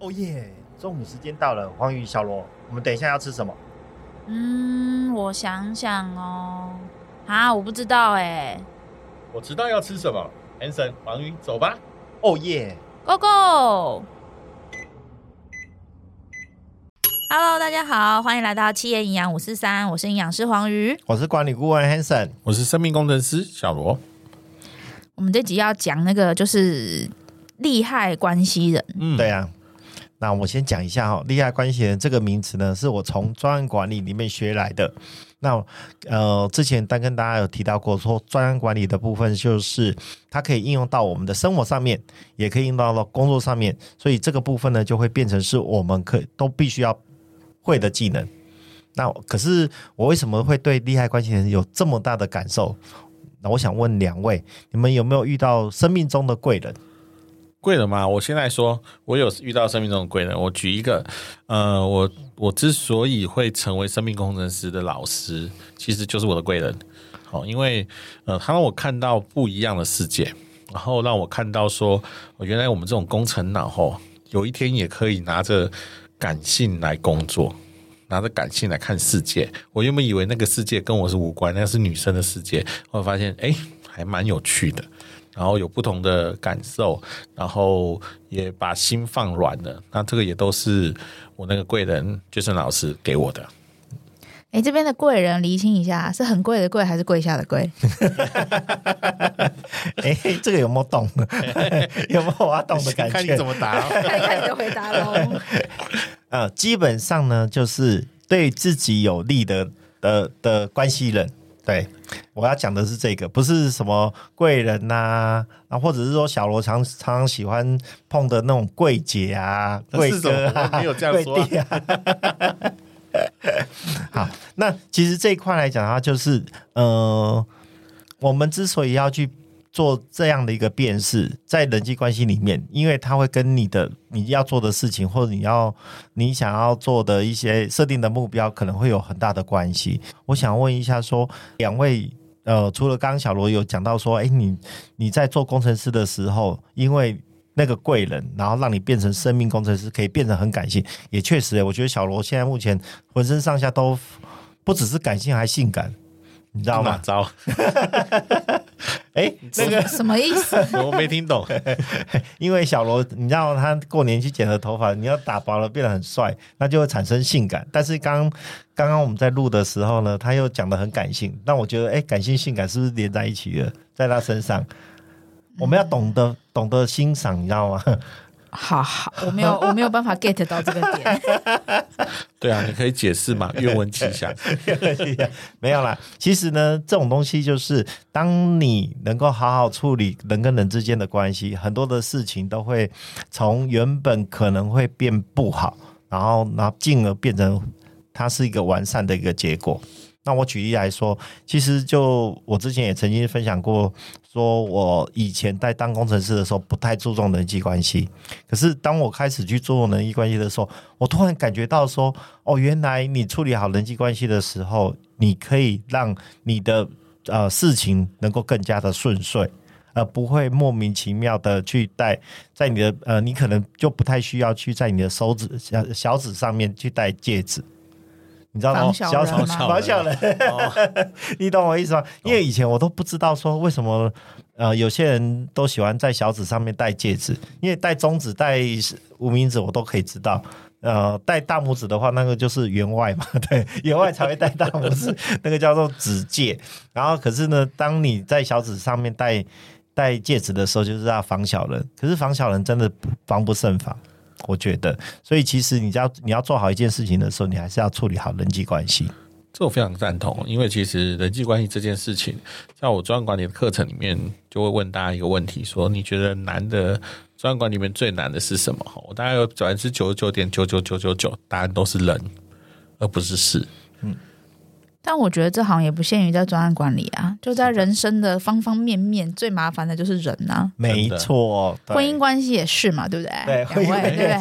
哦耶！Oh、yeah, 中午時間到了，黃魚、小羅，我們等一下要吃什麼？嗯，我想想哦，啊，我不知道哎、欸。我知道要吃什麼，Hanson，黃魚，走吧。哦耶、oh、yeah，Go Go！Hello，大家好，歡迎來到企業營養五四三，我是營養師黃魚，我是管理顧問 Hanson，我是生命工程師小羅。我們這集要講那個就是利害關係人，嗯，對啊。那我先講一下哈，利害關係人這個名詞呢，是我從專案管理裡面學來的。那呃，之前單跟大家有提到過說，說專案管理的部分，就是它可以應用到我們的生活上面，也可以應用到了工作上面。所以這個部分呢，就會變成是我們可都必須要會的技能。那可是我為什麼會對利害關係人有這麼大的感受？那我想問兩位，你們有沒有遇到生命中的貴人？貴人嘛，我現在說，我有遇到生命中的貴人。我舉一個，呃，我我之所以會成為生命工程師的老師，其實就是我的貴人。好，因為呃，他讓我看到不一樣的世界，然後讓我看到說，我原來我們這種工程腦後，有一天也可以拿着感性來工作，拿着感性來看世界。我原本以為那個世界跟我是無關，那是女生的世界，我發現，哎，還蠻有趣的。然後有不同的感受，然後也把心放軟了。那這個也都是我那個貴人就是老師給我的。哎，這邊的貴人釐清一下，是很貴的貴，還是跪下的跪？哈哈哈哈哈哈！哎， 這個有沒有懂？ 有沒有我懂的感覺？看你怎麼答，哦， 看看你的回答嘍。 呃，基本上呢，就是對自己有利的的的關係人。對，我要講的是這個，不是什麼貴人吶、啊，啊，或者是說小羅常常，常喜歡碰的那種貴姐啊、貴哥、啊，是是沒有這樣說、啊。地啊、 好，那其實這一塊來講的話，就是呃，我們之所以要去。做這樣的一個辨識，在人際關係裡面，因為他會跟你的你要做的事情，或者你要你想要做的一些設定的目標，可能會有很大的關係。我想問一下說，說兩位，呃，除了剛剛小羅有講到說，哎、欸，你你在做工程師的時候，因為那個貴人，然後讓你變成生命工程師，可以變成很感性，也確實、欸，我覺得小羅現在目前渾身上下都不只是感性，還性感，你知道嗎？招。嘛 哎，這、欸，那個什麼意思？ 我沒聽懂。因為小羅，你知道他過年去剪了頭髮，你要打薄了，變得很帥，那就會產生性感。但是剛剛剛我們在錄的時候呢，他又講得很感性，那我覺得，哎、欸，感性性感是不是連在一起的？在他身上，我們要懂得懂得欣賞，你知道嗎？好好，我沒有，我沒有辦法 get 到這個點。 對啊，你可以解釋嘛？願聞其詳。 沒有啦，其實呢，這種東西就是，當你能夠好好處理人跟人之間的關係，很多的事情都會從原本可能會變不好，然後那進而變成它是一個完善的一個結果。那我舉例來說，其實就我之前也曾經分享過，說我以前在當工程師的時候不太注重人際關係，可是當我開始去注重人際關係的時候，我突然感覺到說，哦，原來你處理好人際關係的時候，你可以讓你的呃事情能夠更加的順遂，而、呃、不會莫名其妙的去戴在你的呃，你可能就不太需要去在你的手指小小指上面去戴戒指。你知道、哦、嗎？小丑小防小人， 你懂我意思嗎？懂因為以前我都不知道說為什麼呃，有些人都喜歡在小指上面戴戒指，因為戴中指、戴無名指我都可以知道，呃，戴大拇指的話，那個就是員外嘛，對，員外才會戴大拇指， 那個叫做指戒。然後，可是呢，當你在小指上面戴戴戒指的時候，就是要防小人。可是防小人真的防不勝防。我覺得，所以其實你只要你要做好一件事情的時候，你還是要處理好人際關係。這我非常贊同，因為其實人際關係這件事情，在我專案管理的課程裡面，就會問大家一個問題：說你覺得難的專案管裡面最難的是什麼？哈，我大概有百分之九十九點九九九九九，要是99.99999，答案都是人，而不是事。但我覺得這行也不限於在專案管理啊，就在人生的方方面面，最麻煩的就是人啊，沒錯，婚姻關係也是嘛，對不對？對，很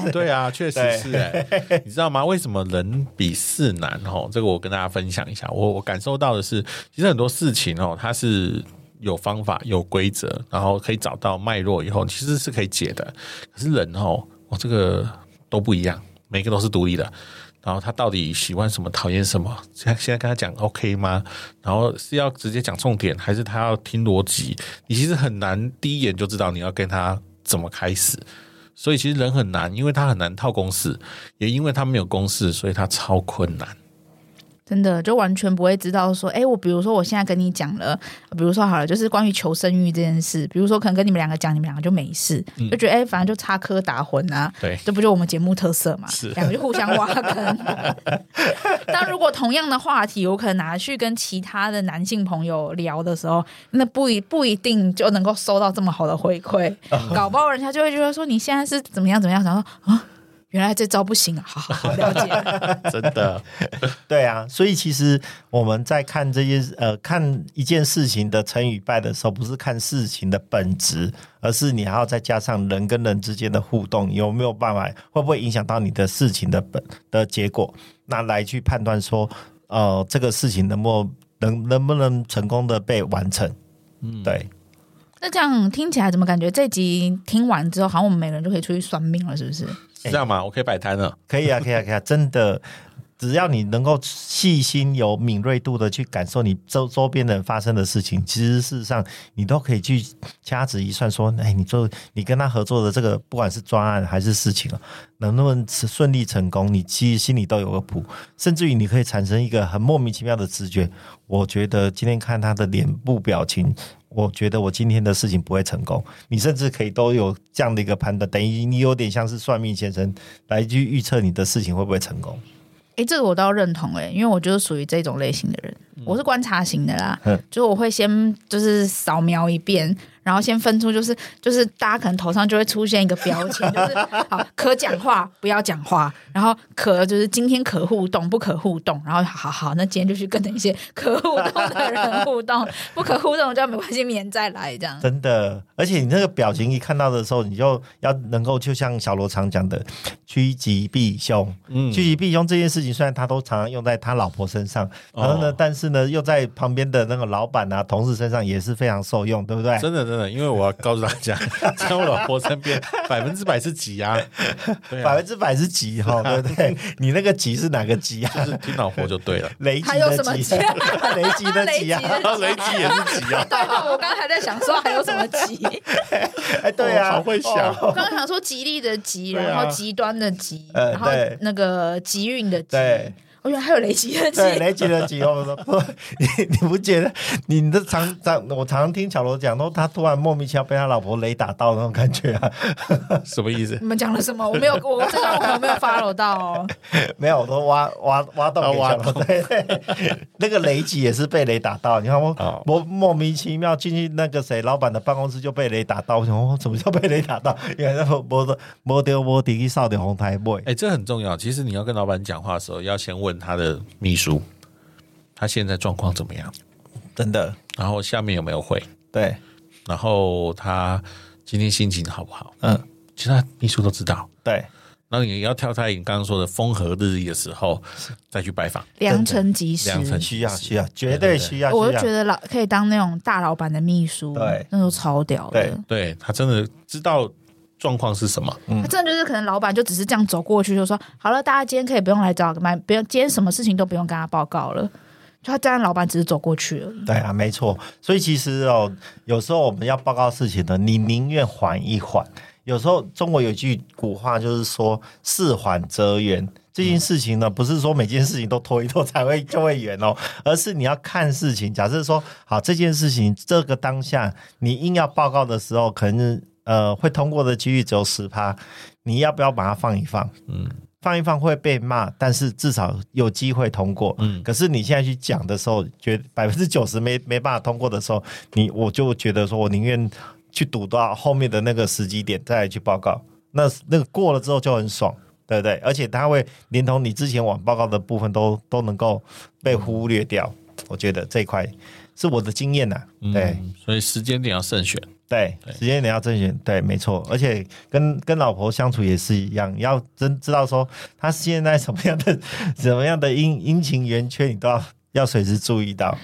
對。對啊，是確實是哎。對你知道嗎？為什麼人比事難？哦，這個我跟大家分享一下。我我感受到的是，其實很多事情哦，它是有方法、有規則，然後可以找到脈絡以後，其實是可以解的。可是人哦，我這個都不一樣，每個都是獨立的。然後他到底喜歡什麼，討厭什麼？現現在跟他講 OK 嗎？然後是要直接講重點，還是他要聽邏輯？你其實很難第一眼就知道你要跟他怎麼開始，所以其實人很難，因為他很難套公式，也因為他沒有公式，所以他超困難。真的就完全不會知道說，哎、欸，我比如說我現在跟你講了，比如說好了，就是關於求生慾這件事，比如說可能跟你們兩個講，你們兩個就沒事，嗯、就覺得哎、欸，反正就插科打諢啊，對，這不就我們節目特色嘛，是，兩個就互相挖坑。但如果同樣的話題，我可能拿去跟其他的男性朋友聊的時候，那不一不一定就能夠收到這麼好的回饋，oh. 搞不好人家就會覺得說你現在是怎麼樣怎麼樣，然後啊。原來這招不行啊！好，好了解。 真的， 對啊。所以其實我們在看這些呃，看一件事情的成與敗的時候，不是看事情的本質，而是你還要再加上人跟人之間的互動有沒有辦法，會不會影響到你的事情的本的結果，那來去判斷說，呃，這個事情能不能能不能成功的被完成？嗯，對。那這樣聽起來，怎麼感覺這集聽完之後，好像我們每個人就可以出去算命了，是不是？這樣嗎？欸、我可以擺攤了？可以啊，可以啊，可以啊！真的，只要你能夠細心、有敏銳度的去感受你周周邊的人發生的事情，其實事實上你都可以去掐指一算，說，哎、欸，你做你跟他合作的這個，不管是專案還是事情啊，能不能順利成功，你其實心裡都有個譜，甚至於你可以產生一個很莫名其妙的直覺。我覺得今天看他的臉部表情。我覺得我今天的事情不會成功，你甚至可以都有這樣的一個判斷，等於你有點像是算命先生來去預測你的事情會不會成功。哎、欸，這個我倒認同。哎、欸，因為我就是屬於這種類型的人，我是觀察型的啦，嗯、就我會先就是掃描一遍。然後先分出就是就是大家可能頭上就會出現一個標籤，就是好 可講話不要講話，然後可就是今天可互動不可互動，然後好好那今天就去跟那些可互動的人互動， 不可互動就沒關係，明天再來這樣。真的，而且你那個表情一看到的時候，你就要能夠就像小羅常講的趨吉避凶，嗯，趨吉避凶這件事情，雖然他都常用在他老婆身上，哦、然後呢，但是呢又在旁邊的那個老闆啊同事身上也是非常受用，對不對？真的。因為我要告訴大家，在 我老婆身邊，百分之百是急啊，百分之百是急哈，對不對？ 你那個急是哪個急啊？就是聽老婆就對了，雷吉的啊雷吉的吉啊， 雷吉、啊、 也是急啊。 對，對，我剛剛還在想說還有什麼急？哎 、欸，對啊，哦、好會想、哦。哦、剛剛想說吉利的吉，然後極端的極，對啊呃、對然後那個極運的極。我以、哦、來還有雷吉，的吉對，雷吉。的機，我說不，你你不覺得？你，你都常常我常聽小羅講，說他突然莫名其妙被他老婆雷打到那種感覺啊， 什麼意思？你們講了什麼？我沒有，我這我沒有 follow 到哦。 沒有，我都挖挖挖到挖。家。 對那個雷吉也是被雷打到。你看我我、哦、莫、莫名其妙進去那個誰老板的辦公室就被雷打到，我怎、哦、麼就被雷打到？原在因為沒沒掉沒掉去掃掉紅臺 y 哎、欸，這很重要。其實你要跟老板講話的時候，要先問。他的秘書，他現在狀況怎麼樣？真的？然後下面有沒有會？對。然後他今天心情好不好？嗯。其他秘書都知道。對。那你要挑他，你剛剛說的風和日麗的時候是再去拜訪，良辰吉時，需要，需要，絕對需要,需要。我就覺得老可以當那種大老板的秘書，對，那都超屌的對。對，他真的知道。狀況是什麼？嗯、他真的就是可能老闆就只是這樣走過去，就說：“好了，大家今天可以不用來找買，不用今天什麼事情都不用跟他報告了。”就他這樣，老闆只是走過去了。對啊，沒錯。所以其實哦，有時候我們要報告事情的，你寧願緩一緩。有時候中國有句古話就是說“事緩則圓”。這件事情呢，嗯、不是說每件事情都拖一拖才會就會圓哦，而是你要看事情。假設說，好，這件事情這個當下你硬要報告的時候，可能是。呃，會通過的幾率只有十趴，你要不要把它放一放？嗯，放一放會被罵，但是至少有機會通過。嗯，可是你現在去講的時候，覺得百分之九十沒沒辦法通過的時候，你我就覺得說我寧願去賭到後面的那個時機點再來去報告，那那個過了之後就很爽，對不對？而且他會連同你之前往報告的部分都都能夠被忽略掉，我覺得這一塊是我的經驗吶、啊。嗯、對，所以時間點要慎選。對，時間你要遵循，對，對，沒錯。而且跟跟老婆相處也是一樣，要真知道說她現在什麼樣的、什麼樣的陰陰晴圓缺，你都要要隨時注意到。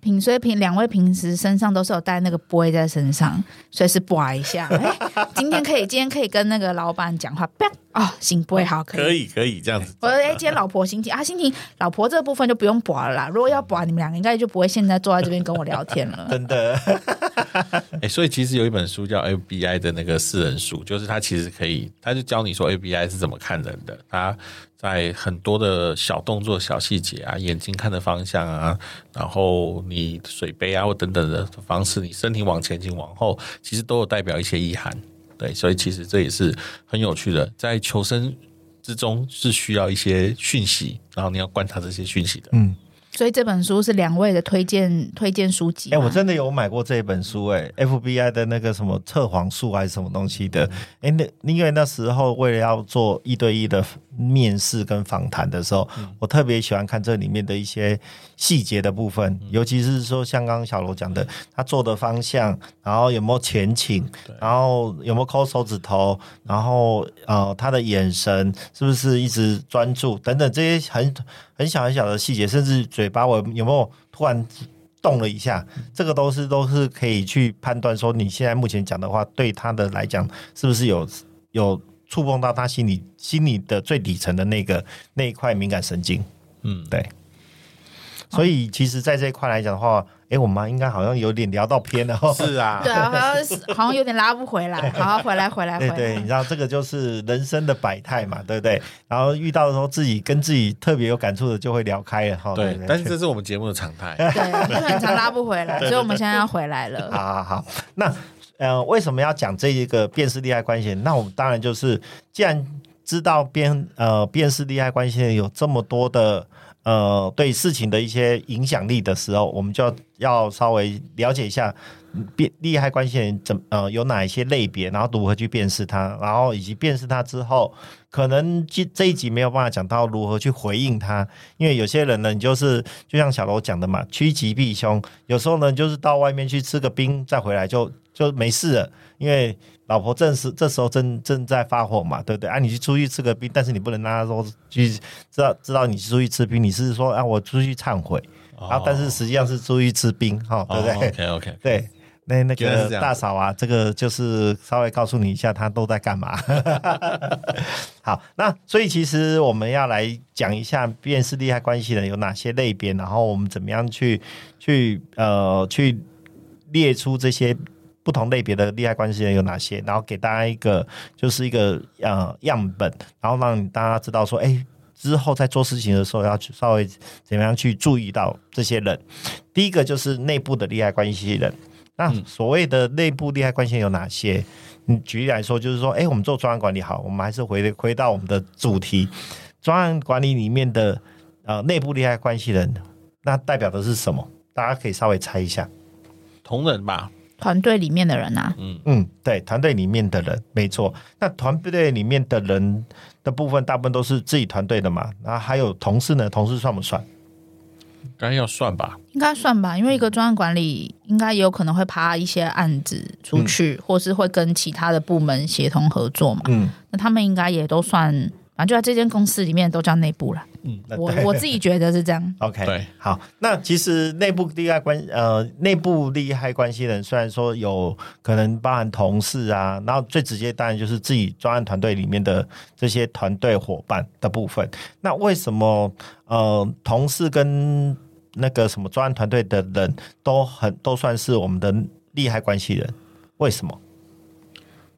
平所以平，兩位平時身上都是有帶那個波在身上，隨時擺一下。哎、 今天可以，今天可以跟那個老板講話。哦，行，不會好，可以，可以，可以，這樣子。我說，哎，今天老婆心情啊，心情老婆這個部分就不用補了啦。如果要補，你們兩個應該就不會現在坐在這邊跟我聊天了。真的 等等。哎、 欸，所以其實有一本書叫 FBI 的那個四人書，就是他其實可以，他就教你說 FBI 是怎麼看人的。他在很多的小動作、小細節啊，眼睛看的方向啊，然後你水杯啊或等等的方式，你身體往前進、往後，其實都有代表一些意涵。對，所以其實這也是很有趣的，在求生之中是需要一些訊息，然後你要觀察這些訊息的，嗯。所以這本書是兩位的推薦推薦書籍。哎、欸，我真的有買過這一本書、欸，哎、嗯、，FBI 的那個什麼測謊術還是什麼東西的。哎、嗯欸，那因為那時候為了要做一對一的面試跟訪談的時候，嗯、我特別喜歡看這裡面的一些細節的部分，嗯、尤其是說像剛剛小羅講的，嗯、他做的方向，然後有沒有前傾，對然後有沒有摳手指頭，然後啊、呃、他的眼神是不是一直專注，等等這些很。很小很小的細節，甚至嘴巴，我有沒有突然動了一下？這個都是都是可以去判斷，說你現在目前講的話，對他的來講，是不是有有觸碰到他心裡心裡的最底層的那個那一塊敏感神經？嗯，對。所以，其實，在這一塊來講的話，哎、欸，我們應該好像有點聊到偏了， 是啊，對啊，好像是好像有點拉不回來，好好回來回來回來對，對對，你知道這個就是人生的百態嘛，對不對？然後遇到的時候，自己跟自己特別有感觸的，就會聊開了，哈，對。對但是這是我們節目的常態，對，就對對很常拉不回來，對對對所以我們現在要回來了。好好好，那呃，為什麼要講這一個辨識利害關係？那我們當然就是，既然知道辨呃辨識利害關係有這麼多的。呃，對事情的一些影響力的時候，我們就要要稍微了解一下，利利害關係人怎，呃有哪一些類別，然後如何去辨識它，然後以及辨識它之後，可能這這一集沒有辦法講到如何去回應它，因為有些人呢，你就是就像小羅講的嘛，趨吉避凶，有時候呢，就是到外面去吃個冰，再回來就就沒事了，因為。老婆正，這時這時候正正在發火嘛，對不對？啊，你去出去吃個冰，但是你不能讓他說去知道知道你去出去吃冰，你是說啊，我出去懺悔，哦、然後但是實際上是出去吃冰，哈、哦，哦，對不對，哦？OK OK，okay 對，那那個大嫂啊，這，這個就是稍微告訴你一下，他都在幹嘛。 好，那所以其實我們要來講一下，辨識利害關係的有哪些類別，然後我們怎麼樣去去呃去列出這些。不同類別的利害關係人有哪些？然後給大家一個就是一個呃樣本，然後讓大家知道說，哎、欸，之後在做事情的時候要去稍微怎麼樣去注意到這些人。第一個就是內部的利害關係人。那所謂的內部利害關係人有哪些？嗯、你舉例來說，就是說，哎、欸，我們做專案管理好，我們還是回回到我們的主題，專案管理裡面的呃內部利害關係人，那代表的是什麼？大家可以稍微猜一下，同仁吧。團隊裡面的人啊，嗯嗯，對，團隊裡面的人沒錯。那團隊裡面的人的部分，大部分都是自己團隊的嘛。然、啊、那還有同事呢？同事算不算？應該要算吧。應該算吧，因為一個專案管理，應該也有可能會爬一些案子出去，嗯、或是會跟其他的部門協同合作嘛。嗯，那他們應該也都算，反正就在這間公司裡面都叫內部了。嗯，我我自己覺得是這樣。 OK，對，好。那其實內部利害關呃，內部利害關係人雖然說有可能包含同事啊，然後最直接當然就是自己專案團隊裡面的這些團隊夥伴的部分。那為什麼呃，同事跟那個什麼專案團隊的人都很都算是我們的利害關係人？為什麼？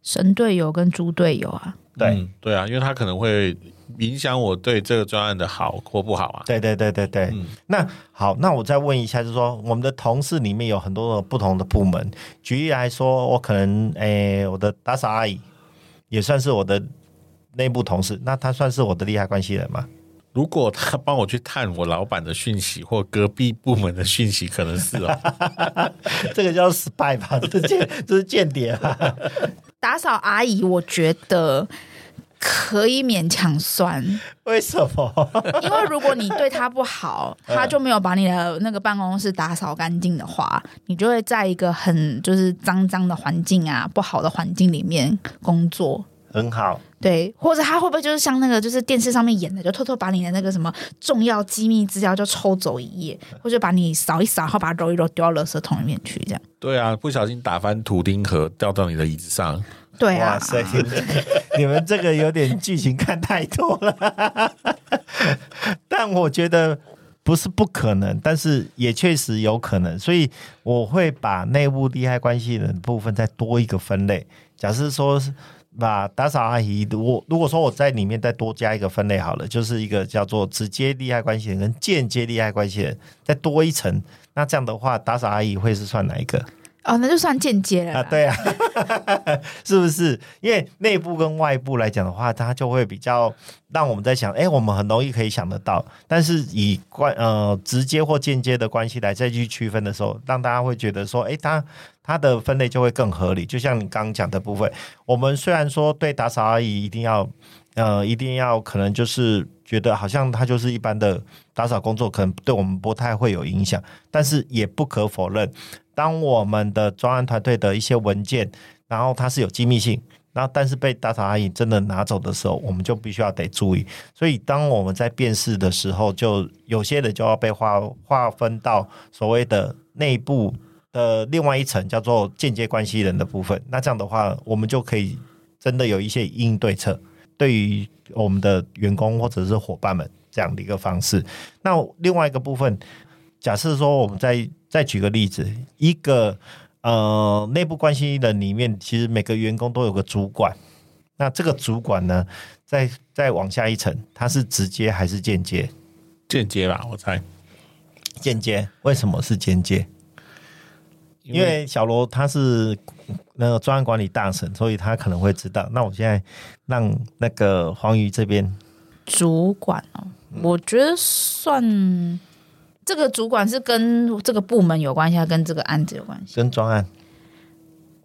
神隊友跟豬隊友啊？對、嗯、對啊，因為他可能會。影響我對這個專案的好或不好啊？對對對對對。嗯、那好，那我再問一下，就是說我們的同事裡面有很多不同的部門。舉例來說，我可能、誒、我的打掃阿姨也算是我的內部同事，那他算是我的利害關係人嗎？如果他幫我去探我老板的訊息或隔壁部門的訊息，可能是哦。 這個叫 spy 吧？對這間這是間諜、啊、打掃阿姨，我覺得。可以勉強算，為什麼？ 因為如果你對他不好，他就沒有把你的那個辦公室打掃乾淨的話，你就會在一個很就是髒髒的環境啊，不好的環境裡面工作。很好，對。或者他會不會就是像那個就是電視上面演的，就偷偷把你的那個什麼重要機密資料就抽走一頁，或者把你掃一掃，然後把它揉一揉，丟到垃圾桶裡面去，這樣？對啊，不小心打翻圖釘盒，掉到你的椅子上。對、啊、哇塞， 你們這個有點劇情看太多了， 但我覺得不是不可能，但是也確實有可能，所以我會把內部利害關係人的部分再多一個分類。假設說把打掃阿姨，我如果說我在裡面再多加一個分類好了，就是一個叫做直接利害關係人跟間接利害關係人再多一層，那這樣的話，打掃阿姨會是算哪一個？哦，那就算間接了啦，啊。對啊， 是不是？因為內部跟外部來講的話，它就會比較讓我們在想，哎，欸，我們很容易可以想得到。但是以關呃直接或間接的關係來再去區分的時候，讓大家會覺得說，哎，欸，它它的分類就會更合理。就像你剛剛講的部分，我們雖然說對打掃阿姨一定要。呃，一定要可能就是覺得好像它，就是一般的打掃工作，可能對我們不太會有影響。但是也不可否認，當我們的專案團隊的一些文件，然後它是有機密性，然後但是被打掃阿姨真的拿走的時候，我們就必須要得注意。所以當我們在辨識的時候，就有些人就要被劃劃分到所謂的內部的另外一層，叫做間接關係人的部分。那這樣的話，我們就可以真的有一些應，應對策。對於我們的員工或者是夥伴們這樣的一個方式，那另外一個部分，假設說我們再再舉個例子，一個呃內部關係人裡面，其實每個員工都有個主管，那這個主管呢，再再往下一層，他是直接還是間接？間接吧，我猜。間接，為什麼是間接？因為小羅他是那個專案管理大神，所以他可能會知道。那我現在讓那個黃魚這邊主管哦，我覺得算、嗯、這個主管是跟這個部門有關係，還是跟這個案子有關係，跟專案。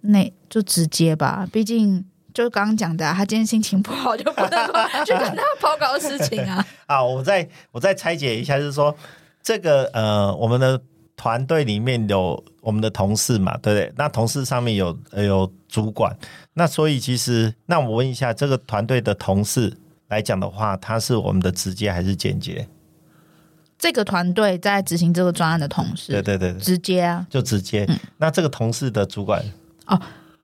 那就直接吧，畢竟就是剛剛講的，啊，他今天心情不好，就不能 去跟他報告的事情啊。好， 我再我再拆解一下，就是說這個呃，我們的。團隊裡面有我們的同事嘛，對不對？那同事上面有有主管，那所以其實那我問一下，這個團隊的同事來講的話，他是我們的直接還是間接？這個團隊在執行這個專案的同事，對對對，直接啊，就直接。嗯，那這個同事的主管哦。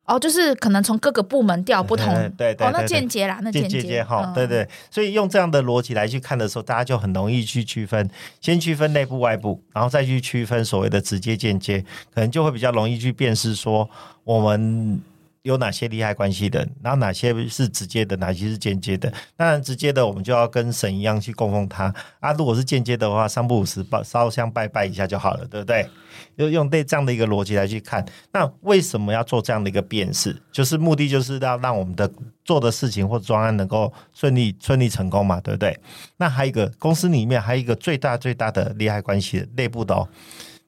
哦，就是可能從各個部門調不同，對對對，對，哦，那間接啦，間接接那間接接哈、哦，對對，所以用這樣的邏輯來去看的時候，嗯、大家就很容易去區分，先區分內部外部，然後再去區分所謂的直接間接，可能就會比較容易去辨識說我們。有哪些利害關係的？然後哪些是直接的？哪些是間接的？當然，直接的我們就要跟神一樣去供奉他啊。如果是間接的話，三不五時燒燒香拜拜一下就好了，對不對？就用對這樣的一個邏輯來去看。那為什麼要做這樣的一個辨識？就是目的就是要讓我們的做的事情或專案能夠順利順利成功嘛，對不對？那還有一個公司裡面還有一個最大最大的利害關係的內部的哦，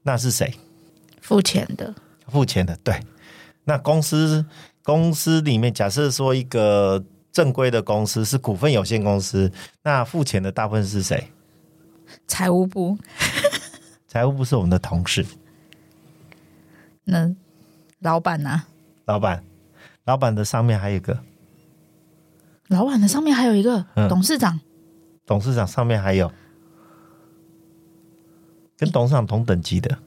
那是誰？付錢的，付錢的，對。那公司公司裡面，假設說一個正規的公司是股份有限公司，那付錢的大部分是誰？財務部，財 務部是我們的同事。那老闆呢？老闆、啊，老闆的上面還有一個，老闆的上面還有一個、嗯、董事長，董事長上面還有跟董事長同等級的。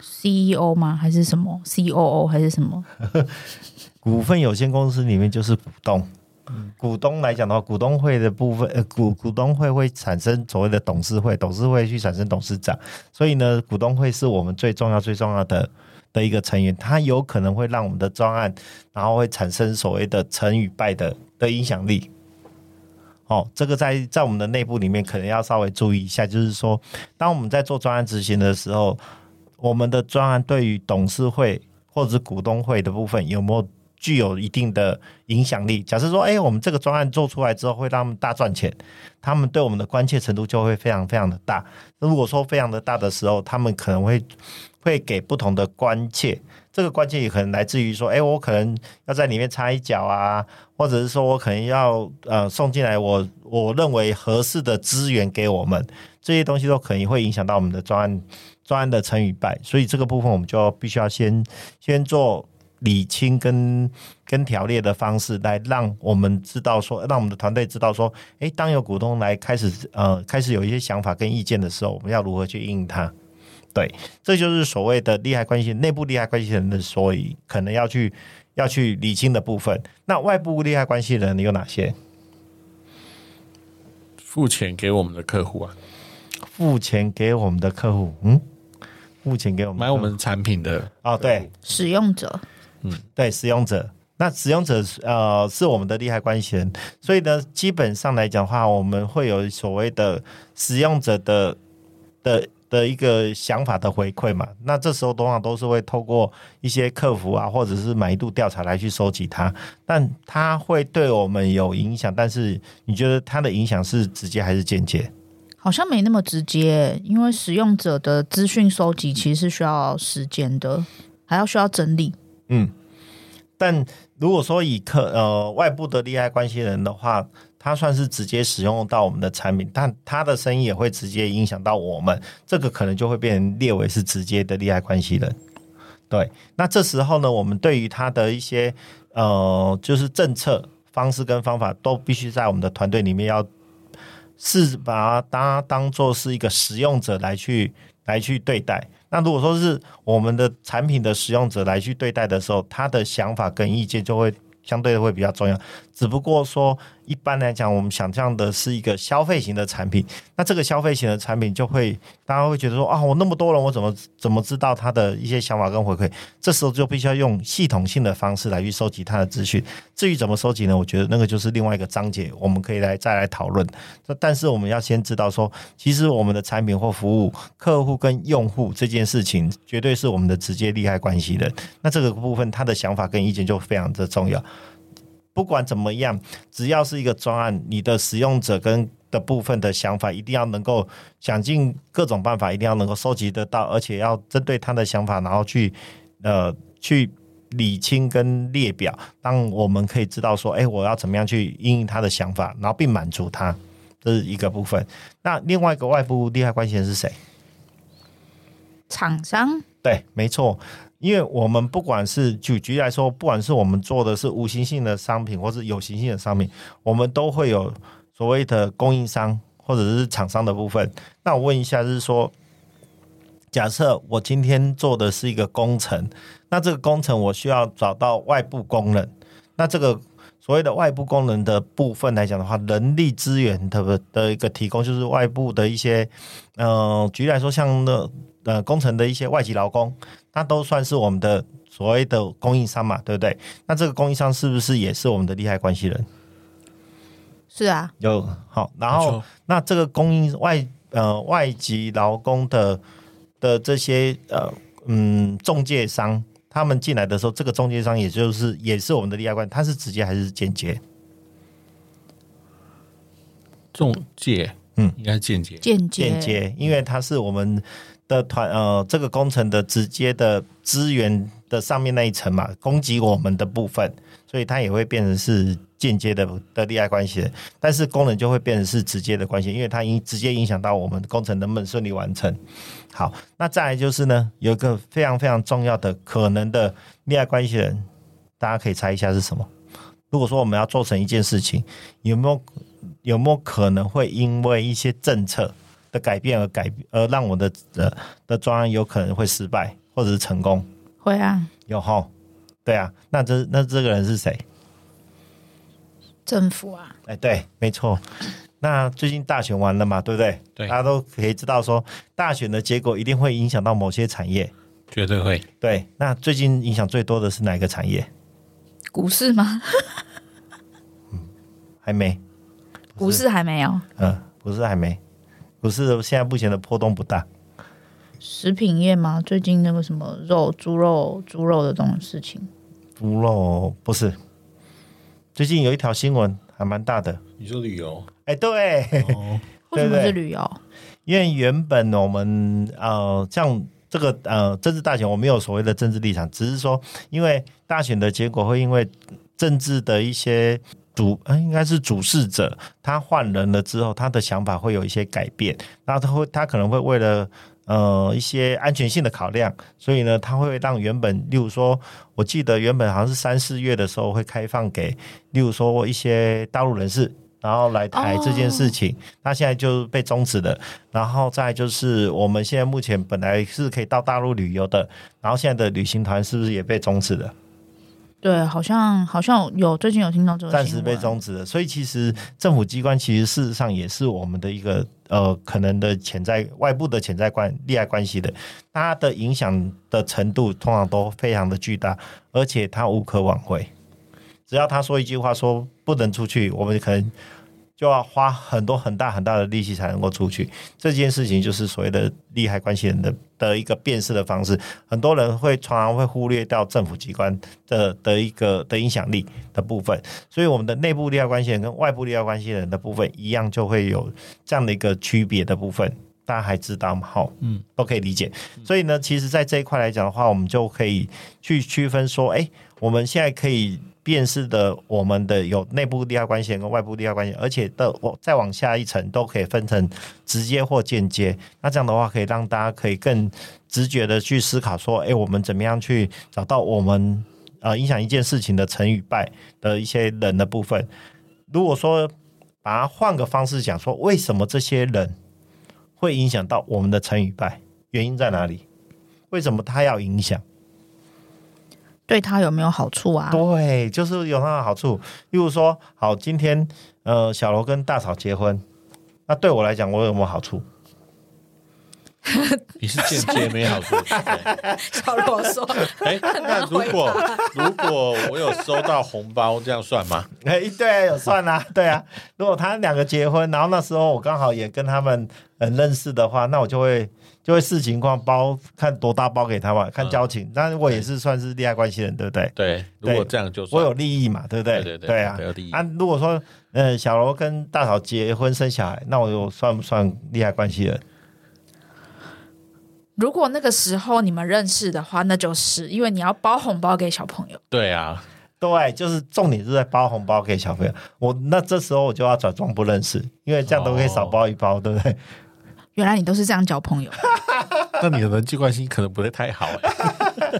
CEO 嗎？還是什麼？COO 還是什麼？ 股份有限公司裡面就是股東。股東來講的話，股東會的部分，呃、股股東會會產生所謂的董事會，董事會去產生董事長。所以呢，股東會是我們最重要、最重要的的一個成員。它有可能會讓我們的專案，然後會產生所謂的成與敗的的影響力。哦，這個在在我們的內部裡面，可能要稍微注意一下，就是說，當我們在做專案執行的時候，我們的專案對於董事會或者是股東會的部分有沒有具有一定的影響力？假設說，哎、欸，我們這個專案做出來之後會讓他們大賺錢，他們對我們的關切程度就會非常非常的大。如果說非常的大的時候，他們可能會會給不同的關切。這個關切也可能來自於說，哎、欸，我可能要在裡面插一腳啊，或者是說我可能要呃送進來我我認為合適的資源給我們，這些東西都可能會影響到我們的專案。專案的成與敗，所以這個部分我們就必須要先先做理清跟跟條列的方式來讓我們知道說，讓我們的團隊知道說，誒，當有股東來開始呃開始有一些想法跟意見的時候，我們要如何去應他？對，這就是所謂的利害關係，內部利害關係人的，所以可能要去要去理清的部分。那外部利害關係人你有哪些？付錢給我們的客戶啊？付錢給我們的客戶，嗯。目前給我們買我們產品的哦，對使用者，嗯，對使用者，那使用者呃是我們的利害關係人，所以呢，基本上來講的話，我們會有所謂的使用者的的的一個想法的回饋嘛。那這時候的話，都是會透過一些客服啊，或者是滿意度調查來去收集它，但它會對我們有影響。但是你覺得它的影響是直接還是間接？好像沒那麼直接，因為使用者的資訊收集其實是需要時間的，還要需要整理。嗯，但如果說以客呃外部的利害關係人的話，他算是直接使用到我們的產品，但他的生意也會直接影響到我們，這個可能就會被列為是直接的利害關係人。對，那這時候呢，我們對於他的一些呃，就是政策方式跟方法，都必須在我們的團隊裡面要。是把它當當做是一個使用者來去來去對待。那如果說是我們的產品的使用者來去對待的時候，他的想法跟意見就會，相對的會比較重要，只不過說一般來講，我們想象的是一個消費型的產品。那這個消費型的產品，就會大家會覺得說啊，我那麼多人，我怎麼怎麼知道他的一些想法跟回饋？這時候就必須要用系統性的方式來去收集他的資訊。至於怎麼收集呢？我覺得那個就是另外一個章節，我們可以來再來討論。那但是我們要先知道說，其實我們的產品或服務，客戶跟用戶這件事情，絕對是我們的直接利害關係的。那這個部分，他的想法跟意見就非常的重要。不管怎麼樣，只要是一個專案，你的使用者跟的部分的想法，一定要能夠想盡各種辦法，一定要能夠收集得到，而且要針對他的想法，然後去呃去理清跟列表，讓我們可以知道說，哎，我要怎麼樣去因應他的想法，然後並滿足他，這是一個部分。那另外一個外部利害關係人是誰？廠商。對，沒錯。因為我們不管是舉局來說，不管是我們做的是無形性的商品，或是有形性的商品，我們都會有所謂的供應商或者是廠商的部分。那我問一下，就是說，假設我今天做的是一個工程，那這個工程我需要找到外部工人，那這個。所謂的外部功能的部分來講的話，人力資源的的一個提供，就是外部的一些，呃舉例來說，像那呃工程的一些外籍勞工，那都算是我們的所謂的供應商嘛，對不對？那這個供應商是不是也是我們的利害關係人？是啊，有好，然後說那這個供應外呃外籍勞工的的這些呃嗯仲介商。他們進來的時候，這個中介商也就是也是我們的利害關，他是直接還是間接？中介，嗯，應該是間接。間接，因為他是我們的團呃，這個工程的直接的資源的上面那一層嘛，供給我們的部分。所以它也會變成是間接的的利害關係人，但是工人就會變成是直接的關係，因為它影直接影響到我們的工程能不能順利完成。好，那再來就是呢，有一個非常非常重要的可能的利害關係人，大家可以猜一下是什麼？如果說我們要做成一件事情，有沒有有沒有可能會因為一些政策的改變而改而讓我的、呃、的的專案有可能會失敗，或者是成功？會啊，有好。吼對啊，那這那這個人是誰？政府啊。哎、欸，對，沒錯。那最近大選完了嘛，對不對？對大家都可以知道，說大選的結果一定會影響到某些產業，絕對會。對，那最近影響最多的是哪一個產業？股市嗎？ 嗯、還沒，股市還沒有。嗯，股市還沒，股市現在目前的波動不大。食品業嗎？最近那個什麼肉，豬肉，豬肉的這種事情。不嘍，不是。最近有一條新聞還蠻大的，你說旅遊？哎、欸，對，為什麼是旅遊？因為原本我們呃，像這個呃，政治大選，我沒有所謂的政治立場，只是說，因為大選的結果會因為政治的一些主，呃，應該是主事者他換人了之後，他的想法會有一些改變，那他會，他可能會為了。呃，一些安全性的考量，所以呢，它會讓原本，例如說，我記得原本好像是三四月的時候會開放給，例如說一些大陸人士，然後來台這件事情，哦、那現在就被終止了。然後再就是，我們現在目前本來是可以到大陸旅遊的，然後現在的旅行團是不是也被終止了？對，好像好像有最近有聽到這個暫時被終止了，所以其實政府機關其實事實上也是我們的一個。呃，可能的潛在外部的潛在關利害關係的，它的影響的程度通常都非常的巨大，而且他無可挽回。只要他說一句話說，說不能出去，我們可能。就要花很多很大很大的力氣才能夠出去，這件事情就是所謂的利害關係人的的一個辨識的方式。很多人會常常會忽略掉政府機關的的一個的影響力的部分，所以我們的內部利害關係人跟外部利害關係人的部分一樣，就會有這樣的一個區別的部分。大家還知道嗎？好，嗯，都可以理解。所以呢，其實在這一塊來講的話，我們就可以去區分說，哎、欸，我們現在可以。辨識的我們的有內部利害關係跟外部利害關係，而且的我再往下一層都可以分成直接或間接。那這樣的話，可以讓大家可以更直覺的去思考說，哎、欸，我們怎麼樣去找到我們呃影響一件事情的成與敗的一些人的部分？如果說把它換個方式講，說為什麼這些人會影響到我們的成與敗？原因在哪裡？為什麼他要影響？對他有沒有好處啊？對，就是有他的好處。例如說，好，今天呃，小羅跟大嫂結婚，那對我來講，我有沒有好處？ 你是間接沒好處。 對小羅說哎、 欸，那如果如果我有收到紅包，這樣算嗎？哎、欸，對、啊，有算啊，對啊。 如果他兩個結婚，然後那時候我剛好也跟他們很認識的話，那我就會。就會視情況包，看多大包給他吧，看交情。嗯、但是我也是算是利害關係人，對不對？對，對如果這樣就我有利益嘛，對不對？對對，對，對啊！啊，如果說嗯、呃，小羅跟大嫂結婚生小孩，那我又算不算利害關係人？如果那個時候你們認識的話，那就是因為你要包紅包給小朋友。對啊，對，就是重點是在包紅包給小朋友。我那這時候我就要假裝不認識，因為這樣都可以少包一包，哦、對不對？原來你都是這樣交朋友， 那你的人際關係可能不會太好欸。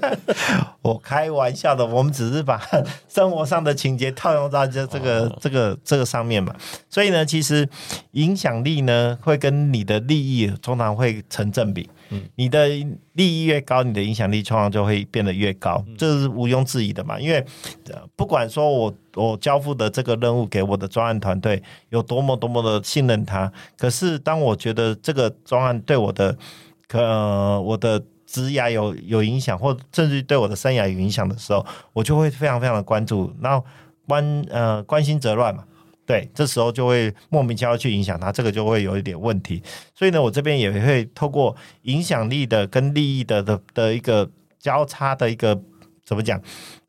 我開玩笑的，我們只是把生活上的情節套用到這這個這個這個上面嘛。所以呢，其實影響力呢，會跟你的利益通常會成正比。嗯、你的利益越高，你的影響力、創造就會變得越高，嗯、這是毋庸置疑的嘛。因為、呃、不管說我我交付的這個任務給我的專案團隊有多麼多麼的信任他，可是當我覺得這個專案對我的，呃，我的職涯有有影響，或甚至對我的生涯有影響的時候，我就會非常非常的關注，然後關呃關心則亂嘛。對，這時候就會莫名其妙去影響他，這個就會有一點問題。所以呢，我這邊也會透過影響力的跟利益的的的一個交叉的一個怎麼講？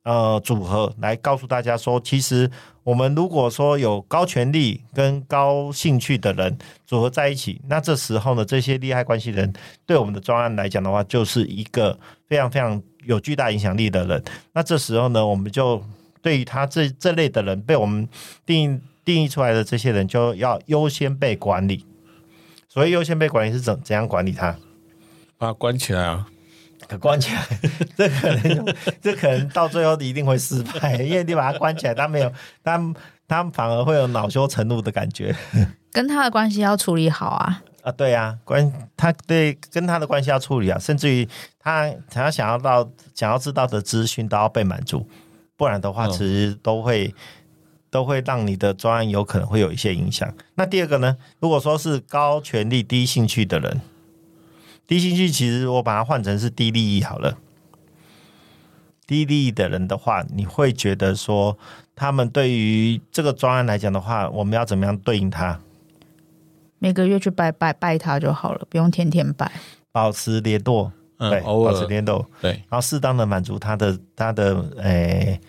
呃，組合來告訴大家說，其實我們如果說有高權力跟高興趣的人組合在一起，那這時候呢，這些利害關係人對我們的專案來講的話，就是一個非常非常有巨大影響力的人。那這時候呢，我們就對於他這這類的人被我們定義。定義出來的這些人就要優先被管理，所以優先被管理是怎怎樣管理他？把他關起來啊！可關起來，這可能 這可能到最後一定會失敗，因為你把他關起來，他沒有他他反而會有惱羞成怒的感覺，跟他的關係要處理好啊！啊，對啊，關，他對，跟他的關係要處理啊，甚至於他他想要到想要知道的資訊都要被滿足，不然的話，其實都會。哦都會讓你的專案有可能會有一些影響。那第二個呢？如果說是高權力、低興趣的人，低興趣其實我把它換成是低利益好了。低利益的人的話，你會覺得說，他們對於這個專案來講的話，我們要怎麼樣對應他？每個月去拜拜拜他就好了，不用天天拜，保持聯絡，對，嗯、保持聯絡，對，然後適當的滿足他的他的誒。哎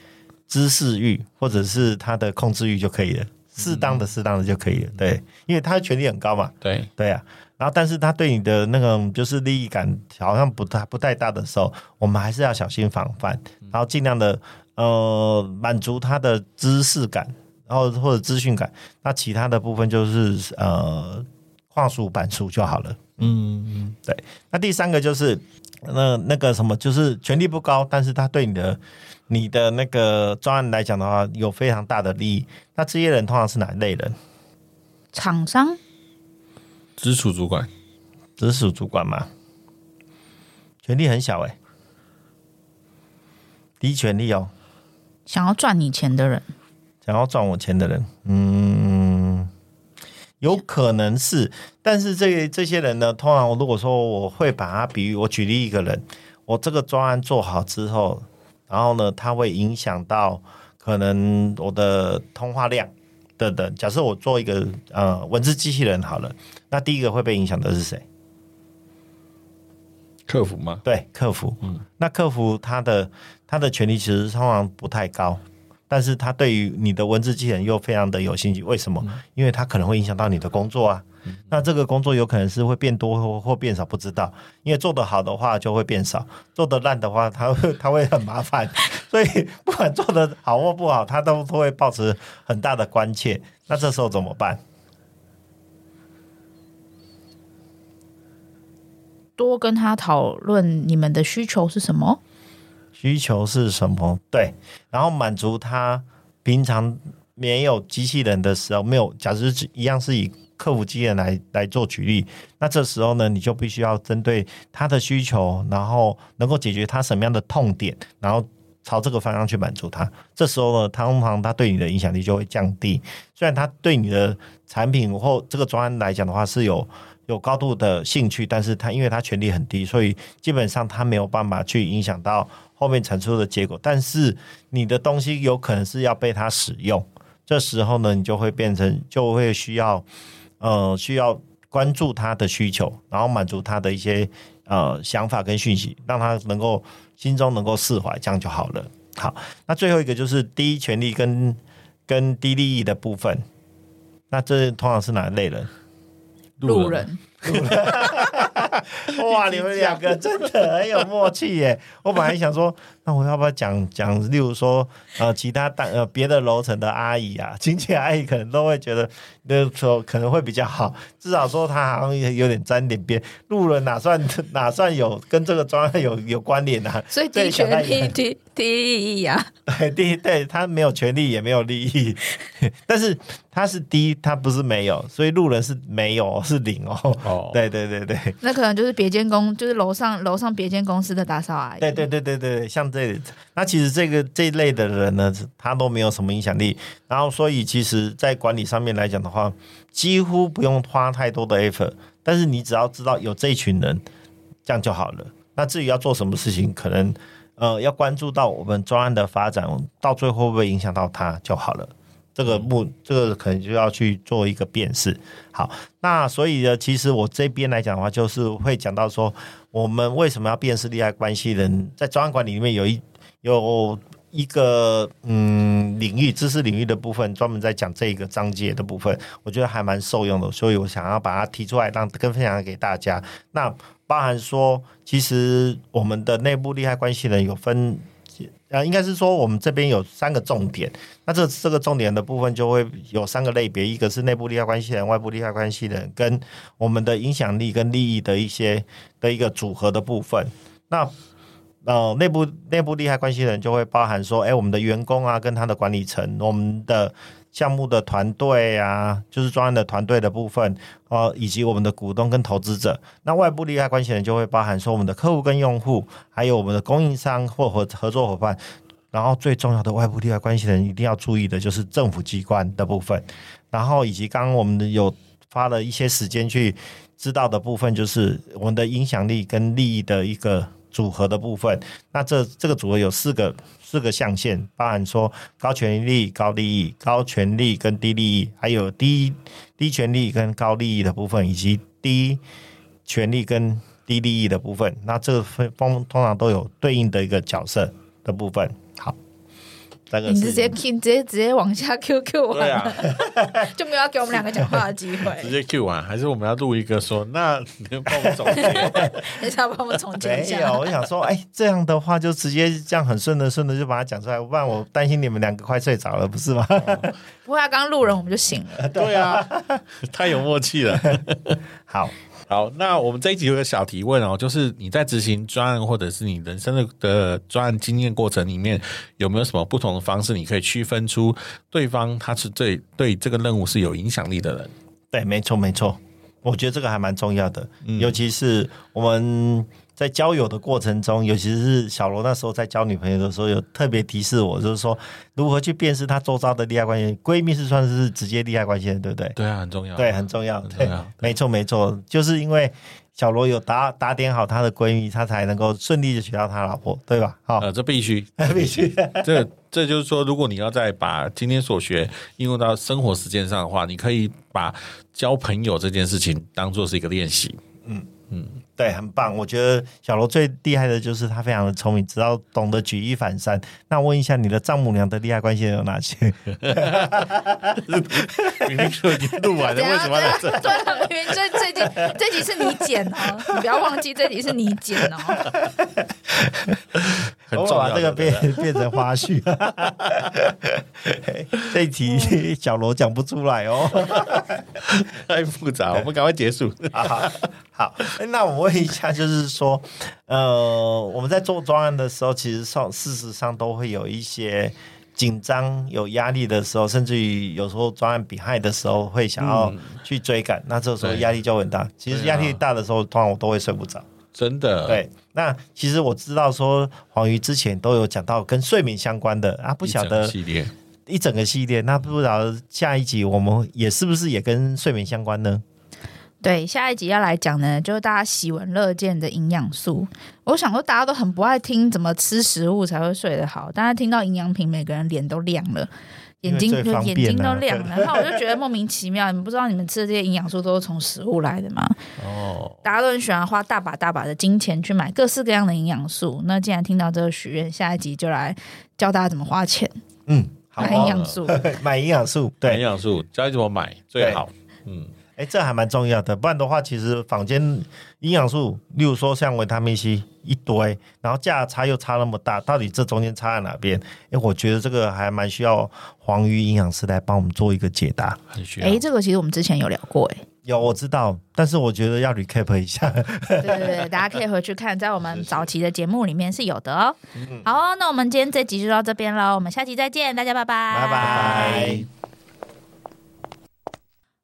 知識慾或者是他的控制慾就可以了，適當的、適當的就可以了。嗯、對，因為他權力很高嘛。對對啊，然後但是，他對你的那個就是利益感好像不太不太大的時候，我們還是要小心防範，然後盡量的呃滿足他的知識感，然後或者資訊感。那其他的部分就是呃話術板書就好了。嗯嗯，對。那第三個就是，那那個什麼，就是權力不高，但是他對你的、你的那個專案來講的話，有非常大的利益。那這些人通常是哪一類人？廠商，直屬主管，直屬主管嘛，權力很小誒、欸。低權力哦。想要賺你錢的人，想要賺我錢的人，嗯。有可能是，但是這這些人呢，通常我如果說我會把它比喻，我舉例一個人，我這個專案做好之後，然後呢，他會影響到可能我的通話量等等。假設我做一個呃文字機器人好了，那第一個會被影響的是誰？客服嗎？對，客服。嗯，那客服他的他的權力其實通常不太高。但是他對於你的文字技能又非常的有興趣，為什麼？因為他可能會影響到你的工作啊。那這個工作有可能是會變多或或變少，不知道。因為做得好的話就會變少，做得爛的話，他會，他會很麻煩。 所以不管做得好或不好，他都會抱持很大的關切。那這時候怎麼辦？多跟他討論你們的需求是什麼。需求是什麼？對，然後滿足他平常沒有機器人的時候，沒有，假設是一樣是以客服機器人來來做舉例。那這時候呢，你就必須要針對他的需求，然後能夠解決他什麼樣的痛點，然後朝這個方向去滿足他。這時候呢，他通常他對你的影響力就會降低。雖然他對你的產品或這個專案來講的話是有有高度的興趣，但是他因為他權力很低，所以基本上他沒有辦法去影響到。後面產出的結果，但是你的東西有可能是要被他使用，這時候呢，你就會變成，就會需要，呃，需要關注他的需求，然後滿足他的一些呃想法跟訊息，讓他能夠心中能夠釋懷，這樣就好了。好，那最後一個就是低權力跟跟低利益的部分，那這通常是哪一類人？路人。 哇！你們兩個真的很有默契耶、欸，我本來想說。那我要不要講講？例如說，呃，其他大呃別的樓層的阿姨啊，親戚阿姨可能都會覺得，那說可能會比較好，至少說他好像也有點沾點邊。路人哪、啊、算哪，算有跟這個專案有有關聯啊？所以全，第一權利，第一利益啊。對，第對，他沒有權利，也沒有利益，但是他是低，他不是沒有，所以路人是沒有，是零哦。哦，對對對對。那可能就是別間公，就是樓上樓上別間公司的打掃阿姨。對對對對對，像這。對，那其實這個這一類的人呢，他都沒有什麼影響力。然後，所以其實，在管理上面來講的話，幾乎不用花太多的 effort。但是，你只要知道有這群人，這樣就好了。那至於要做什麼事情，可能呃，要關注到我們專案的發展，到最後會不會影響到他就好了。這個目，這個可能就要去做一個辨識。好，那所以呢，其實我這邊來講的話，就是會講到說。我們為什麼要辨識利害關係人？在專案管理裡面有一有一個嗯領域知識領域的部分，專門在講這一個章節的部分，我覺得還蠻受用的，所以我想要把它提出來，讓跟分享給大家。那包含說，其實我們的內部利害關係人有分。啊，應該是說我們這邊有三個重點，那這這個重點的部分就會有三個類別，一個是內部利害關係人，外部利害關係人跟我們的影響力跟利益的一些的一個組合的部分。那呃，內部內部利害關係人就會包含說，哎，我們的員工啊，跟他的管理層，我們的。項目的團隊啊，就是專案的團隊的部分，哦、呃，以及我們的股東跟投資者。那外部利害關係人就會包含說，我們的客戶跟用戶，還有我們的供應商或合合作夥伴。然後最重要的外部利害關係人一定要注意的就是政府機關的部分，然後以及剛剛我們有花了一些時間去知道的部分，就是我們的影響力跟利益的一個。組合的部分，那這這個組合有四個四個象限，包含說高權力高利益、高權力跟低利益，還有低低權力跟高利益的部分，以及低權力跟低利益的部分。那這分通通常都有對應的一個角色的部分。好。這是你直接 Q，直接直接往下 Q Q 完了，啊、 就沒有給我們兩個講話的機會。 直接 Q 完，還是我們要錄一個說？那你幫我總結, 結一下，等一下幫我總結一下。沒有，我想說，哎、欸，這樣的話就直接這樣很順的順的就把它講出來，不然我擔心你們兩個快睡着了，不是嗎？ 哦、不會，剛錄人我們就醒了。對啊,對啊，太有默契了。 好。好，那我們這一集有個小提問哦，就是你在執行專案或者是你人生的的專案經驗過程裡面，有沒有什麼不同的方式，你可以區分出對方他是最對，對這個任務是有影響力的人？對，沒錯，沒錯，我覺得這個還蠻重要的，嗯。尤其是我們。在交友的過程中，尤其是小羅那時候在交女朋友的時候，有特別提示我，就是說如何去辨識他周遭的利害關係。閨蜜是算是直接利害關係的，對不對？對啊，很重要。對，很重要。重要對，沒錯，沒錯，就是因為小羅有打打點好她的閨蜜，他才能夠順利的娶到他老婆，對吧？好，呃、這必須，嗯、必須。這這就是說，如果你要再把今天所學應用到生活實踐上的話，你可以把交朋友這件事情當做是一個練習。嗯。對，很棒！我覺得小羅最厲害的就是他非常的聰明，知道懂得舉一反三。那我問一下，你的丈母娘的利害關係有哪些？ 明明說已經錄完了，為什麼？對、啊、這題是你剪哦、啊，你不要忘記這題是你剪哦、啊。我把這個變對變成花絮。 這一題小羅講不出來哦， 太複雜，我們趕快結束。 好，好，好、欸，那我們。問一下，就是說，呃，我們在做專案的時候，其實上事實上都會有一些緊張、有壓力的時候，甚至於有時候專案 behind 的時候，會想要去追趕，嗯、那這個時候壓力就很大。啊、其實壓力大的時候，啊、通常我都會睡不着。真的，對。那其實我知道說黃魚之前都有講到跟睡眠相關的啊，不曉得系列一整個系列，那不知道下一集我們也是不是也跟睡眠相關呢？對，下一集要來講呢，就是大家喜聞樂見的營養素。我想說，大家都很不愛聽怎麼吃食物才會睡得好，但是聽到營養品，每個人臉都亮了，眼睛、就、眼睛都亮了。對然後我就覺得莫名其妙，對你們不知道你們吃的這些營養素都是從食物來的嗎？哦，大家都很喜歡花大把大把的金錢去買各式各樣的營養素。那既然聽到這個許願，下一集就來教大家怎麼花錢。嗯，好買營養素呵呵，買營養素，對，對營養素教你怎麼買最好。對嗯。哎，這還蠻重要的，不然的話，其實坊間營養素，例如說像維他命 C 一堆，然後價差又差那麼大，到底這中間差在哪邊？哎，我覺得這個還蠻需要黃魚營養師來幫我們做一個解答。很需要。哎，這個其實我們之前有聊過，哎，有，我知道，但是我覺得要 recap 一下。 對對對，大家可以回去看，在我們早期的節目裡面是有的哦。是是。好哦，那我們今天這集就到這邊嘍，我們下期再見，大家拜拜，拜拜。